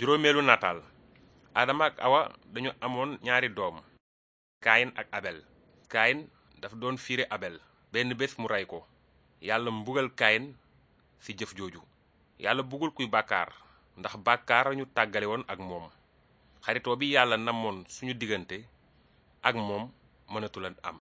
juróomeelu nataal adama ak awa dañu amoon ñaari doom kaayin ak abel kaayin dafa doon fiire abel benn bés mu rey ko yàlla mbugal kaayin ci jëf jooju yàlla bëggul kuy bàkkaar ndax bàkkaar ñu tàggale woon ak moom xaritoo bi yàlla namoon suñu diggante ak moom mënatul a am